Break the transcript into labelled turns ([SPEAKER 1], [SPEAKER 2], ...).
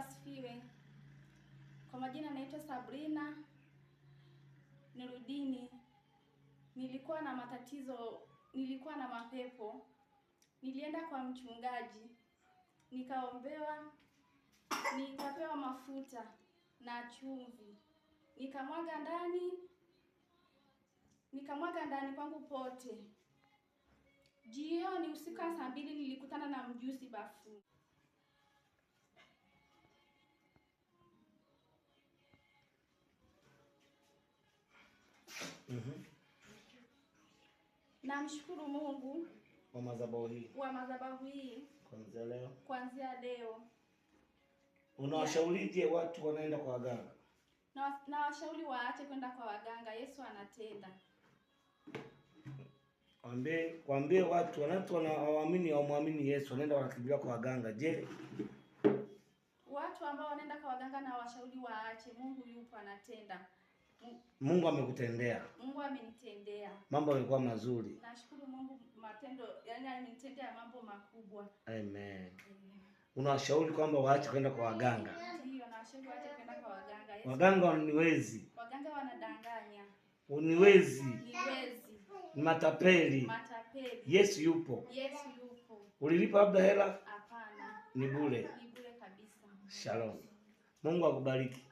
[SPEAKER 1] asifiwe. Kwa majina naitwa Sabrina Nurudini. Nilikuwa na matatizo, nilikuwa na mapepo. Nilienda kwa mchungaji nikaombewa, nikapewa mafuta na chumvi, nikamwaga ndani, nikamwaga ndani kwangu pote. Jioni usiku saa mbili nilikutana na mjusi bafuni. Mm-hmm. Namshukuru Mungu
[SPEAKER 2] kwa madhabahu hii
[SPEAKER 1] kwa madhabahu hii kuanzia leo, kuanzia leo.
[SPEAKER 2] Unawashaurije watu wanaenda kwa waganga?
[SPEAKER 1] Na, na waache kwenda kwa waganga. Yesu anatenda.
[SPEAKER 2] Ambie, kwambie watu wanatu wanaamini hawamwamini Yesu wanaenda wanakimbilia kwa waganga. Je,
[SPEAKER 1] watu ambao wanaenda kwa waganga na washauri waache. Mungu yupo anatenda.
[SPEAKER 2] Mungu amekutendea.
[SPEAKER 1] Mungu amenitendea.
[SPEAKER 2] Mambo yalikuwa mazuri.
[SPEAKER 1] Nashukuru Mungu matendo, yani amenitendea mambo makubwa.
[SPEAKER 2] Amen. Amen. Unawashauri kwamba waache kwenda kwa waganga.
[SPEAKER 1] Ndio, nawashauri waache kwenda kwa waganga.
[SPEAKER 2] Waganga ni wezi.
[SPEAKER 1] Waganga wanadanganya.
[SPEAKER 2] Uniwezi.
[SPEAKER 1] Niwezi.
[SPEAKER 2] Ni matapeli.
[SPEAKER 1] Matapeli.
[SPEAKER 2] Yesu yupo.
[SPEAKER 1] Yesu yupo.
[SPEAKER 2] Ulilipa labda hela?
[SPEAKER 1] Hapana. Ni bure. Ni bure kabisa.
[SPEAKER 2] Shalom. Mungu akubariki.